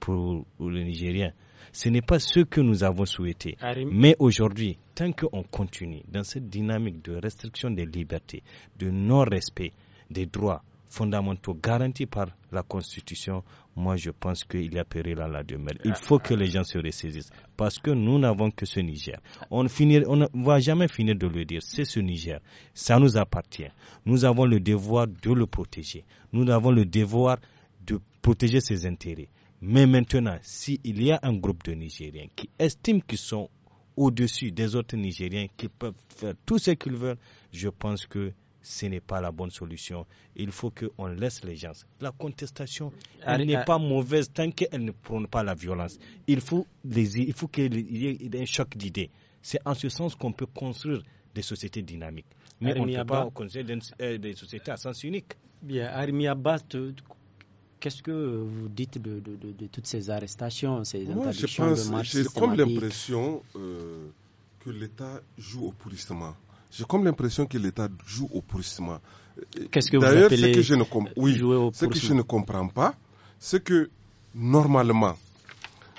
pour, le les Ce n'est pas ce que nous avons souhaité. Mais aujourd'hui, tant qu'on continue dans cette dynamique de restriction des libertés, de non-respect des droits, fondamentaux garantis par la Constitution, moi je pense qu'il y a péril à la demeure. Il faut que les gens se ressaisissent parce que nous n'avons que ce Niger. On, on ne va jamais finir de le dire. C'est ce Niger. Ça nous appartient. Nous avons le devoir de le protéger. Nous avons le devoir de protéger ses intérêts. Mais maintenant, s'il y a un groupe de Nigériens qui estiment qu'ils sont au-dessus des autres Nigériens, qui peuvent faire tout ce qu'ils veulent, je pense que ce n'est pas la bonne solution. Il faut qu'on laisse les gens. La contestation, n'est ah. pas mauvaise tant qu'elle ne prône pas la violence. Il faut, faut qu'il y ait un choc d'idées. C'est en ce sens qu'on peut construire des sociétés dynamiques. Mais on ne peut pas construire euh, des, sociétés à sens unique. Bien, Armi Abad, qu'est-ce que vous dites de, toutes ces arrestations, ces Moi, je pense, de marche J'ai comme l'impression euh, que l'État joue au pourrissement. J'ai comme l'impression que l'État joue au pourrissement. Qu'est-ce que vous appelez ce je ce que je ne comprends pas, c'est que normalement,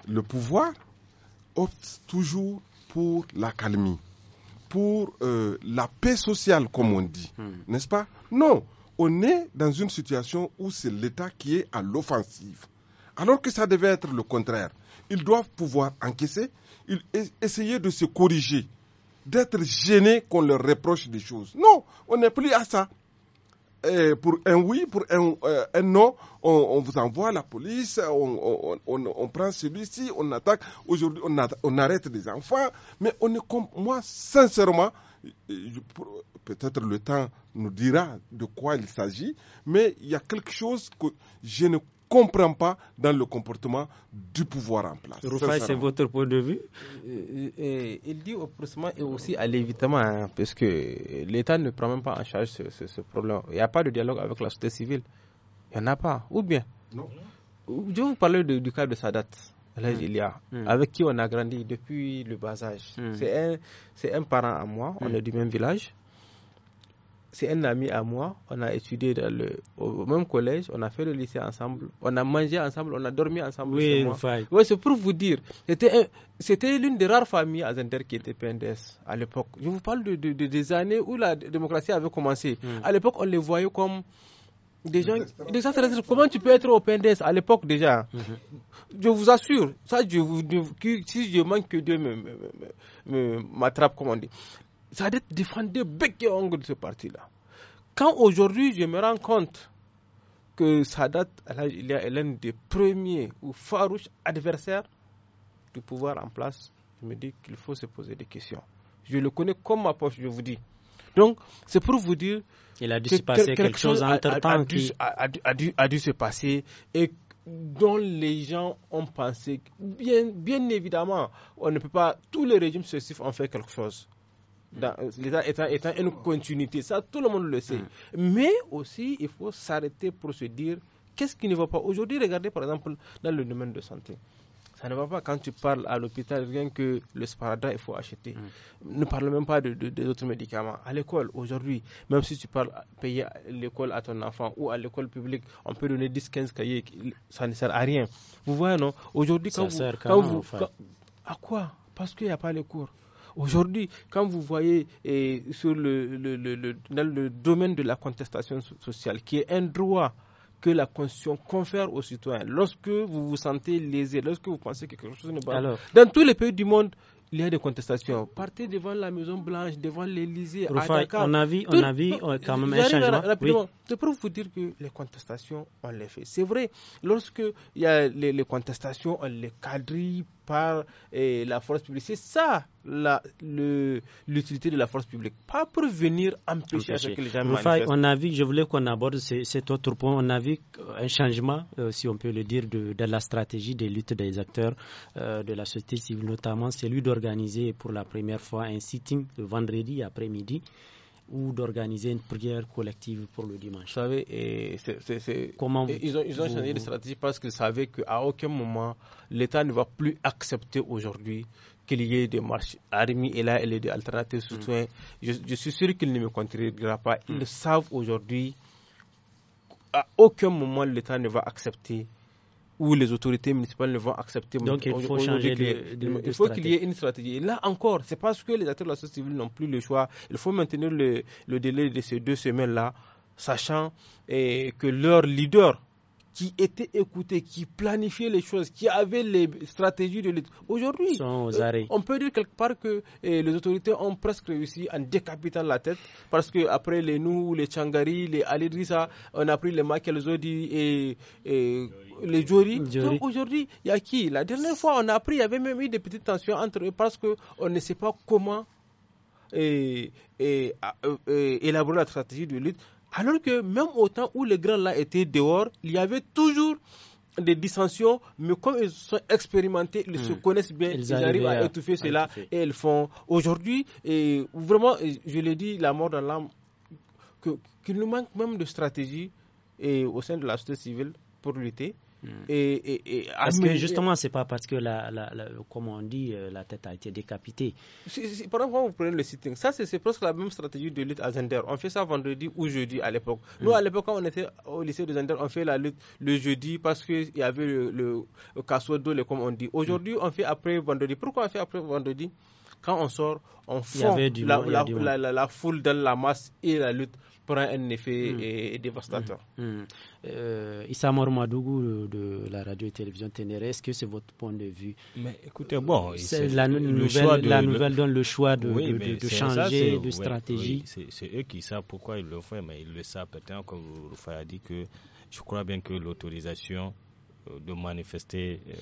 le pouvoir opte toujours pour la calmie, pour euh, la paix sociale, comme on dit, hmm. n'est-ce pas Non, on est dans une situation où c'est l'État qui est à l'offensive, alors que ça devait être le contraire. Ils doivent pouvoir encaisser, essayer de se corriger d'être gêné qu'on leur reproche des choses. Non, on n'est plus à ça. pour un oui, pour un, euh, non, on, vous envoie la police, on, on, on prend celui-ci, on attaque. Aujourd'hui, on, arrête des enfants. Mais on est comme moi, sincèrement, peut-être le temps nous dira de quoi il s'agit, mais il y a quelque chose que je ne comprend pas dans le comportement du pouvoir en place. c'est votre point de vue euh, euh, euh, Il dit au et aussi à l'évitement, hein, parce que l'État ne prend même pas en charge ce, problème. Il n'y a pas de dialogue avec la société civile. Il n'y en a pas. Ou bien non. Je vous parler du cas de Sadat. Là, il y a, avec qui on a grandi depuis le bas âge. Hmm. C'est un, un, parent à moi, on hmm. est du même village c'est un ami à moi. On a étudié dans le, au même collège, on a fait le lycée ensemble, on a mangé ensemble, on a dormi ensemble. Oui, c'est pour vous dire. C'était l'une des rares familles à Zender qui était PNDS à l'époque. Je vous parle de, des années où la démocratie avait commencé. Hmm. À l'époque, on les voyait comme des gens, Comment tu peux être au PNDS à l'époque déjà hmm. Je vous assure, ça, je si je manque que Dieu m'attrape, me, comme on dit. Sadat défendait bec et ongle ce parti-là. Quand aujourd'hui je me rends compte que Sadat il est l'un des premiers ou farouches adversaires du pouvoir en place, je me dis qu'il faut se poser des questions. Je le connais comme ma poche, je vous dis. Donc, c'est pour vous dire. Il a dû se passer quelque, chose entre temps. A, a, dû, se passer et dont les gens ont pensé. Bien, bien évidemment, on ne peut pas. Tous les régimes successifs ont fait quelque chose l'État étant une continuité. Ça, tout le monde le sait. Mm. Mais aussi, il faut s'arrêter pour se dire qu'est-ce qui ne va pas. Aujourd'hui, regardez par exemple dans le domaine de santé. Ça ne va pas quand tu parles à l'hôpital, rien que le sparadrap, il faut acheter. Mm. Ne parle même pas de, des autres médicaments. À l'école, aujourd'hui, même si tu parles payer l'école à ton enfant ou à l'école publique, on peut donner 10-15 cahiers, ça ne sert à rien. Vous voyez, non Aujourd'hui, quand, vous, à quoi Parce qu'il n'y a pas les cours. Aujourd'hui, quand vous voyez eh, sur le, le, le, dans le domaine de la contestation sociale, qui est un droit que la Constitution confère aux citoyens, lorsque vous vous sentez lésé, lorsque vous pensez que quelque chose ne va pas, dans tous les pays du monde, il y a des contestations. Partez devant la Maison Blanche, devant l'Élysée, à Dakar. On a vu, on a quand même un changement. C'est pour vous dire que les contestations, on les fait. C'est vrai, lorsque il y a les, les contestations, on les quadrille par la force publique. C'est ça l'utilité de la force publique, pas pour venir empêcher à ce que les gens je voulais qu'on aborde cet autre point, on a vu un changement, euh, si on peut le dire, de, la stratégie des luttes des acteurs euh, de la société civile, notamment celui d'organiser pour la première fois un sitting le vendredi après-midi ou d'organiser une prière collective pour le dimanche. savez, et ils ont, changé de stratégie parce qu'ils savaient qu'à aucun moment, l'État ne va plus accepter aujourd'hui qu'il y ait des marches. armées et là, elle est alternatives soutien. Mm. Je, suis sûr qu'il ne me contrediront pas. Ils mm. savent aujourd'hui. À aucun moment, l'État ne va accepter où les autorités municipales ne vont accepter. Donc il faut changer de, de, Il faut qu'il y ait une stratégie. Et là encore, c'est parce que les acteurs de la société civile n'ont plus le choix. Il faut maintenir le, délai de ces deux semaines-là, sachant eh, que leur leader qui étaient écoutés, qui planifiaient les choses, qui avaient les stratégies de lutte. Aujourd'hui, euh, on peut dire quelque part que eh, les autorités ont presque réussi en décapitant la tête, parce que après les nous, les Changari, les Alidrissa, on a pris les Makelzodi et, les Jori. aujourd'hui, il y a qui La dernière fois, on a pris, il y avait même eu des petites tensions entre eux parce qu'on ne sait pas comment eh, eh, euh, euh, élaborer la stratégie de lutte alors que même au temps où les grands là étaient dehors, il y avait toujours des dissensions, mais comme ils sont expérimentés, ils se hmm. connaissent bien, ils, arrivent à, étouffer cela et ils font. Aujourd'hui, et vraiment, je l'ai dit, la mort dans l'âme, qu'il nous manque même de stratégie et au sein de la société civile pour lutter. Hmm. Et, justement, ce parce que justement, c'est pas parce que, la, comme on dit, euh, la tête a été décapitée. par exemple, vous prenez le sitting, ça c'est presque la même stratégie de lutte à Zender. On fait ça vendredi ou jeudi à l'époque. Hmm. Nous, à l'époque, quand on était au lycée de Zender, on fait la lutte le jeudi parce qu'il y avait le, le, le comme on dit. Aujourd'hui, hmm. on fait après vendredi. Pourquoi on fait après vendredi quand on sort, on fond la, foule dans la masse et la lutte pour un effet hmm. dévastateur. Hmm. Hmm. Euh, Issa Mourmadougou de la radio et télévision Ténéré, est-ce que c'est votre point de vue Mais écoutez, bon, c'est la, nouvelle, la nouvelle donne le choix de, de, changer de stratégie. c'est eux qui savent pourquoi ils le font, mais ils le savent peut-être, comme vous a dit, que je crois bien que l'autorisation euh, de manifester, euh,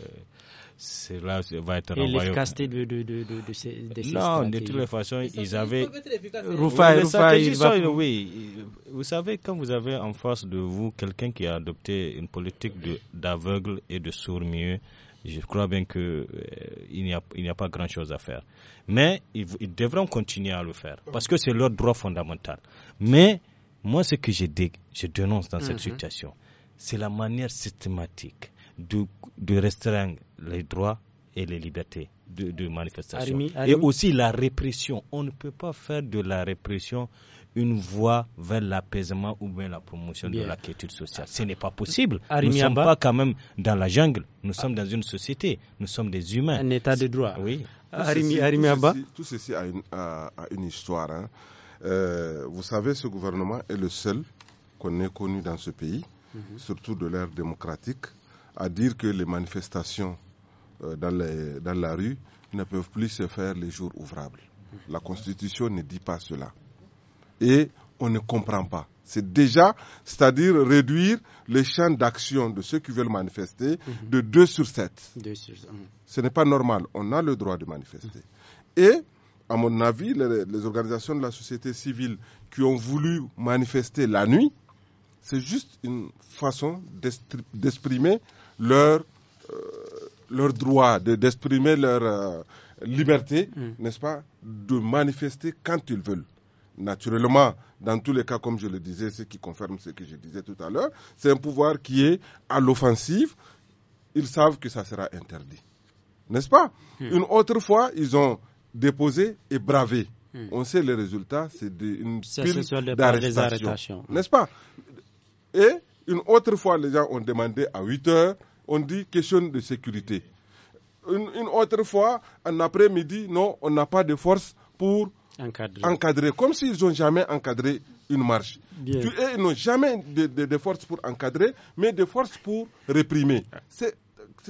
cela va être renvoyé. Et l'efficacité de, de, de, de, ces, de ces Non, de toutes les façons, ils, avaient... Rufai Rufai. Vous savez, quand vous avez en face de vous quelqu'un qui a adopté une politique d'aveugle et de sourd-mieux, je crois bien que euh, il n'y a, a, pas grand-chose à faire. Mais ils, devront continuer à le faire parce que c'est leur droit fondamental. Mais moi, ce que je, je dénonce dans cette mhm. situation, c'est la manière systématique de, restreindre les droits et les libertés de, manifestation. Et aussi la répression. On ne peut pas faire de la répression une voie vers l'apaisement ou bien la promotion de la quiétude sociale. Ce n'est pas possible. nous ne sommes pas quand même dans la jungle. Nous sommes dans une société. Nous sommes des humains. Un état de droit. Oui. Tout ceci, tout, ceci, a, une, histoire. Hein. Euh, vous savez, ce gouvernement est le seul qu'on ait connu dans ce pays, mhm. surtout de l'ère démocratique, à dire que les manifestations euh, dans, les, dans, la rue ne peuvent plus se faire les jours ouvrables. La Constitution ne dit pas cela. Et on ne comprend pas. C'est déjà, c'est-à-dire réduire les champs d'action de ceux qui veulent manifester mhm. de 2 sur 7. Mhm. Ce n'est pas normal. On a le droit de manifester. Et, à mon avis, les, les organisations de la société civile qui ont voulu manifester la nuit, c'est juste une façon d'exprimer leur, euh, leur droit, d'exprimer leur euh, liberté, mm. n'est-ce pas, de manifester quand ils veulent. Naturellement, dans tous les cas, comme je le disais, ce qui confirme ce que je disais tout à l'heure, c'est un pouvoir qui est à l'offensive. Ils savent que ça sera interdit. N'est-ce pas mm. Une autre fois, ils ont déposé et bravé. Mm. On sait les résultats, c'est une pile d'arrestations. N'est-ce pas et une autre fois, les gens ont demandé à 8 heures, on dit question de sécurité. Une, autre fois, en après-midi, non, on n'a pas de force pour encadrer, comme s'ils n'ont jamais encadré une marche. ils n'ont jamais de, de, force pour encadrer, mais de force pour réprimer. C'est,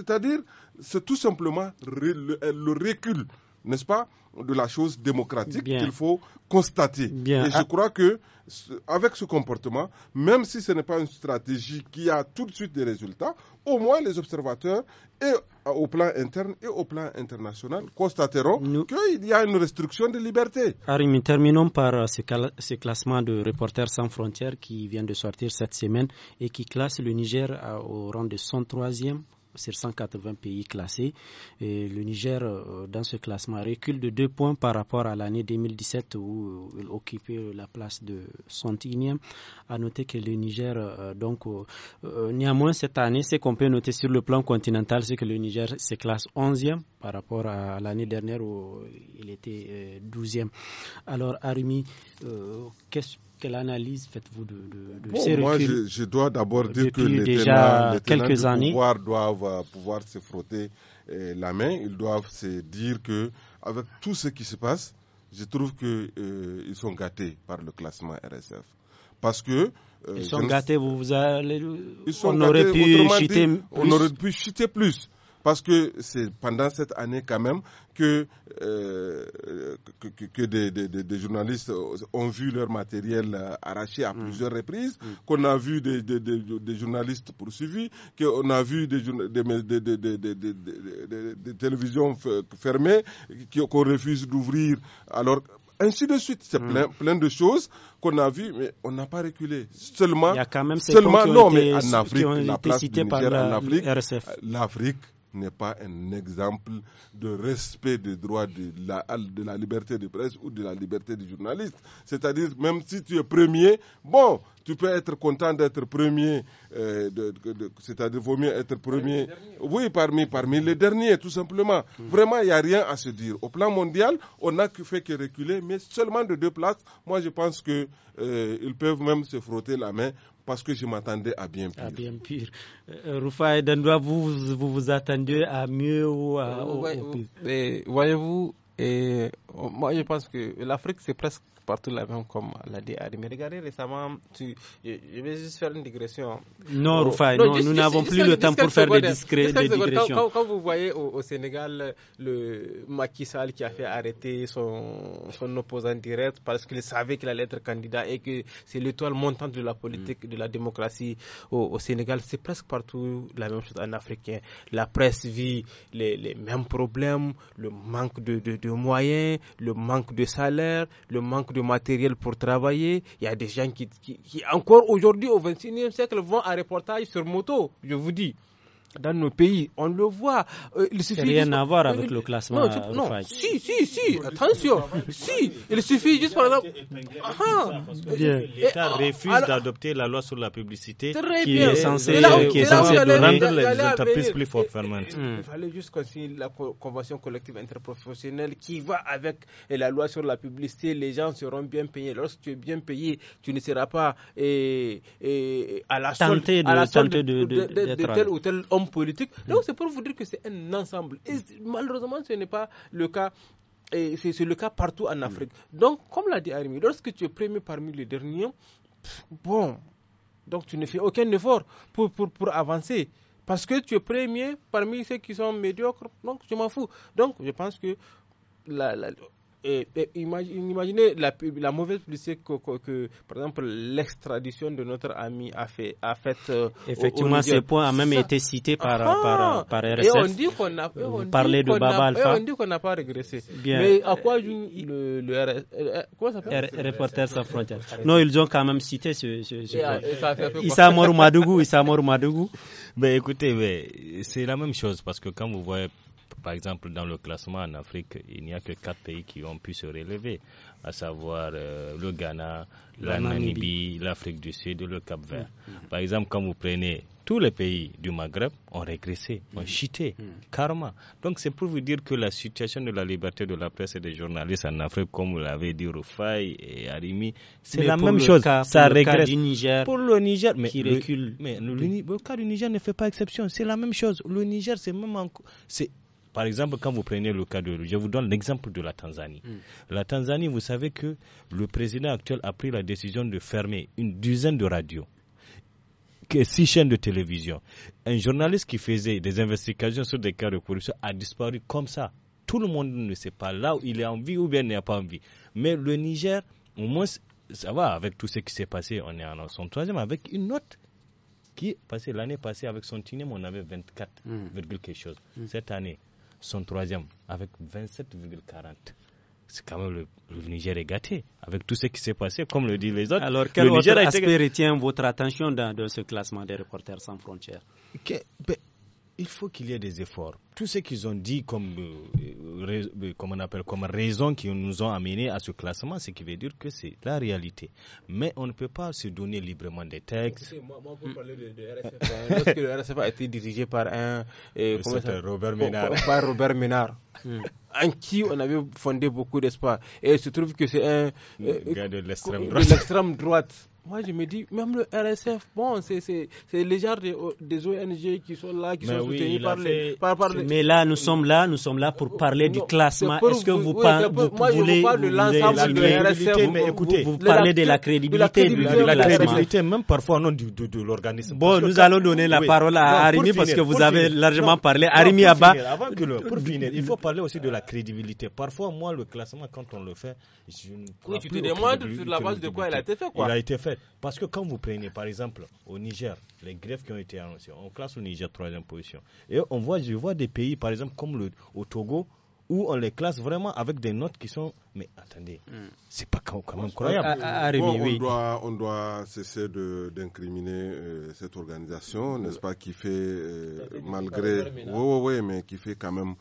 à dire c'est tout simplement le recul, n'est-ce pas, de la chose démocratique qu'il faut constater. Et je ah. crois que avec ce comportement, même si ce n'est pas une stratégie qui a tout de suite des résultats, au moins les observateurs et euh, au plan interne et au plan international constateront qu'il y a une restriction de liberté. Arim, terminons par euh, ce, ce, classement de Reporters sans frontières qui vient de sortir cette semaine et qui classe le Niger euh, au rang de 103e sur 180 pays classés. Et le Niger, euh, dans ce classement, recule de deux points par rapport à l'année 2017 où euh, il occupait la place de 101e. À noter que le Niger, euh, donc, néanmoins, cette année, ce qu'on peut noter sur le plan continental, c'est que le Niger se classe 11e par rapport à l'année dernière où il était 12e. Alors, Arimi, qu'est-ce quelle analyse faites-vous de, de, de Moi, je, dois d'abord dire que les déjà doivent euh, pouvoir se frotter euh, la main. Ils doivent se dire que, avec tout ce qui se passe, je trouve qu'ils euh, sont gâtés par le classement RSF. Parce que. ils sont gâtés, vous, allez. on, pu on aurait pu chuter plus. Parce que c'est pendant cette année quand même que, que, des, journalistes ont vu leur matériel arraché à plusieurs reprises, qu'on a vu des, journalistes poursuivis, qu'on a vu des, télévisions fermées, qu'on refuse d'ouvrir. Alors, ainsi de suite. C'est plein, de choses qu'on a vues, mais on n'a pas reculé. Seulement, non, mais en Afrique, la place en Afrique, l'Afrique n'est pas un exemple de respect des droits de la, de la liberté de presse ou de la liberté du journaliste. C'est-à-dire, même si tu es premier, bon, tu peux être content d'être premier, euh, c'est-à-dire vaut mieux être premier, oui, parmi, parmi les derniers, tout simplement. Hmm. Vraiment, il n'y a rien à se dire. Au plan mondial, on n'a fait que reculer, mais seulement de deux places. Moi, je pense qu'ils euh, peuvent même se frotter la main parce que je m'attendais à bien pire. À bien pire. Euh, Rufai vous, vous, vous à mieux ou à, euh, euh, Voyez-vous, moi je pense que l'Afrique c'est presque partout la même, comme l'a dit Mais regardez récemment, tu, je, vais juste faire une digression. Non, oh, non, nous n'avons plus le temps pour faire des, discrets, des Quand, vous voyez au, Sénégal le Macky Sall qui a fait arrêter son, son opposant direct parce qu'il savait qu'il allait être candidat et que c'est l'étoile montante de la politique, de la démocratie au, Sénégal, c'est presque partout la même chose en Afrique. La presse vit les, les mêmes problèmes, le manque de, de, de moyens, le manque de salaire, le manque de matériel pour travailler. Il y a des gens qui, qui, encore aujourd'hui, au 21e siècle, vont à reportage sur moto, je vous dis dans nos pays. On le voit. Euh, il suffit rien à voir avec euh, le classement. Non, euh, non. si, si, si. Attention. si, il suffit juste par exemple. Ah, L'État ah. refuse d'adopter la loi sur la publicité qui est censée, qui est censée rendre les entreprises plus hmm. Il fallait juste qu'on la convention collective interprofessionnelle qui va avec la loi sur la publicité. Les gens seront bien payés. Lorsque tu es bien payé, tu ne seras pas et, à la santé de, de tel ou tel homme politique Donc c'est pour vous dire que c'est un ensemble. Et malheureusement, ce n'est pas le cas et c'est le cas partout en Afrique. Donc, comme l'a dit Arimi, lorsque tu es premier parmi les derniers, bon, donc tu ne fais aucun effort pour, pour, pour, avancer. Parce que tu es premier parmi ceux qui sont médiocres, donc je m'en fous. Donc, je pense que la, la, et, imaginez la, mauvaise publicité que, que, par exemple, l'extradition de notre ami a fait. A fait euh, Effectivement, ce point a même été cité par, ah. par, par, RSS Et on dit qu'on a, on dit qu'on n'a pas régressé. Bien. Mais à quoi joue le, le euh, comment s'appelle Reporters sans frontières. Non, ils ont quand même cité ce, ce, ce yeah, euh, ça Issa Madougou, Issa Madougou. écoutez, c'est la même chose parce que quand vous voyez par exemple, dans le classement en Afrique, il n'y a que quatre pays qui ont pu se relever, à savoir euh, le Ghana, la, Namibie, l'Afrique du Sud et le Cap-Vert. Mm, mm. Par exemple, quand vous prenez tous les pays du Maghreb ont régressé, ont mm. chité, karma. Donc c'est pour vous dire que la situation de la liberté de la presse et des journalistes en Afrique, comme vous l'avez dit Rufai et Arimi, c'est la même chose. ça régresse. Le Niger pour le Niger, qui recule. le, cas du Niger ne fait pas exception. C'est la même chose. Le Niger, c'est même en, par exemple, quand vous prenez le cas de... Je vous donne l'exemple de la Tanzanie. Hmm. La Tanzanie, vous savez que le président actuel a pris la décision de fermer une dizaine de radios six chaînes de télévision. Un journaliste qui faisait des investigations sur des cas de corruption a disparu comme ça. Tout le monde ne sait pas là où il est en vie ou bien il n'y a pas en vie. Mais le Niger, au moins, ça va avec tout ce qui s'est passé. On est en son troisième avec une note qui est passée l'année passée avec son TINEM, on avait 24, hmm. quelque chose. Hmm. Cette année, son troisième avec 27,40. C'est quand même le, Niger est gâté avec tout ce qui s'est passé, comme le disent les autres. Alors, quel le retient votre attention dans, ce classement des reporters sans frontières il faut qu'il y ait des efforts. Tout ce qu'ils ont dit comme, euh, euh, euh, on appelle, comme raison qui nous ont amenés à ce classement, ce qui veut dire que c'est la réalité. Mais on ne peut pas se donner librement des textes. moi, moi, on hmm. de, de Lorsque le a été dirigé par un. Robert Ménard. Par Robert Ménard. Hmm. En qui on avait fondé beaucoup d'espoir. Et il se trouve que c'est un. l'extrême droite. De l'extrême droite. Moi, je me dis, même le RSF, bon, c'est les gens des, ONG qui sont là, qui sont soutenus par, les, par, les, Mais là, nous sommes là, nous sommes là pour oh, parler du classement. Est-ce que vous, vous, voulez, vous parlez de l'ensemble vous, parlez la, de la crédibilité, de la même parfois non de, de, l'organisme. Bon, nous allons donner la parole à Arimi parce que vous avez largement parlé. Arimi Abba. Pour finir, il faut parler aussi de la crédibilité. Parfois, moi, le classement, quand on le fait, je ne Oui, tu te demandes sur la base de quoi il a été fait, quoi. Il a été fait. Parce que quand vous prenez, par exemple, au Niger, les grèves qui ont été annoncées, on classe au Niger troisième position. Et on voit, je vois des pays, par exemple, comme le, au Togo, où on les classe vraiment avec des notes qui sont. Mais attendez, hmm. c'est pas quand, même croyable. on, doit, cesser d'incriminer euh, cette organisation, n'est-ce pas, qui fait, euh, malgré. Oui, oui, oui, mais qui fait quand même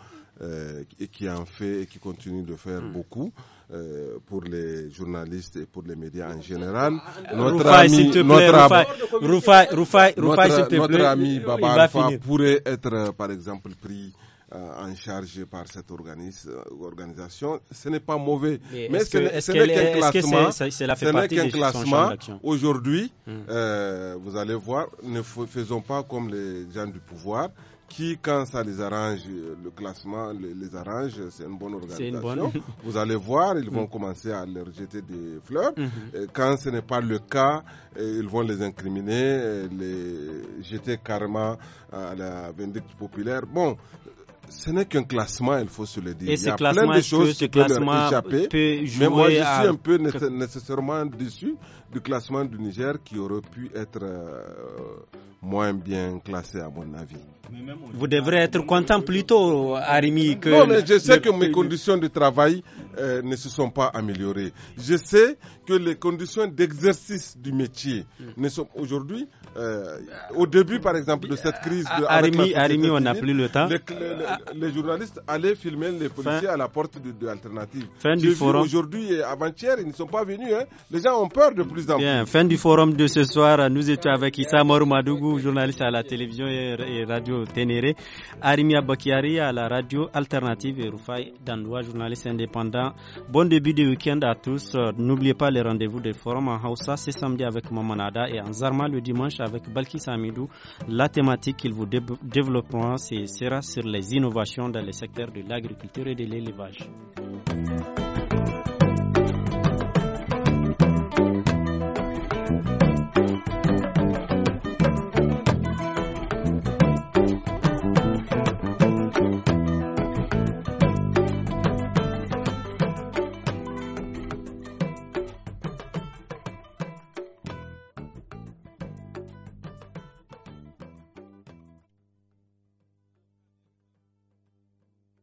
euh, et qui en fait et qui continue de faire hmm. beaucoup euh, pour les journalistes et pour les médias en général. Notre ami, te plaît, notre ami, Baba pourrait être euh, par exemple pris euh, en charge par cette organisation. Ce n'est pas mauvais. Mais, est ce n'est qu'un classement. Ce n'est classement. Aujourd'hui, hmm. euh, vous allez voir, ne faisons pas comme les gens du pouvoir qui, quand ça les arrange, euh, le classement les, arrange, c'est une bonne organisation. Vous allez voir, ils vont mm. commencer à leur jeter des fleurs. Mm-hmm. quand ce n'est pas le cas, euh, ils vont les incriminer, euh, les jeter carrément à la vindicte populaire. Bon, ce n'est qu'un classement, il faut se le dire. Et il y a plein de choses qui peuvent échapper. mais moi, je suis un peu nécessairement déçu du classement du Niger qui aurait pu être euh, moins bien classé, à mon avis. Vous devrez être content plutôt, Arimi. Que non, mais je sais que mes conditions de travail euh, ne se sont pas améliorées. Je sais que les conditions d'exercice du métier hmm. ne sont aujourd'hui, euh, au début, par exemple, de cette crise de ah, Arimi, Arimi on n'a plus le temps les journalistes allaient filmer les policiers à la porte de, de l'alternative. Fin du forum. Aujourd'hui et avant-hier, ils ne sont pas venus. Hein. Les gens ont peur de plus en plus. Bien, fin du forum de ce soir, nous étions avec Issa Madougou, journaliste à la télévision et, radio Ténéré, Arimia Bakiari à la radio alternative et Rufai Dandoua, journaliste indépendant. Bon début de week-end à tous. Euh, n'oubliez pas les rendez-vous des forums en Hausa ce samedi avec Mamanada et en Zarma le dimanche avec Balkis Amidou. La thématique qu'ils vous dé sera sur les Innovation dans les secteurs de l'agriculture et de l'élevage.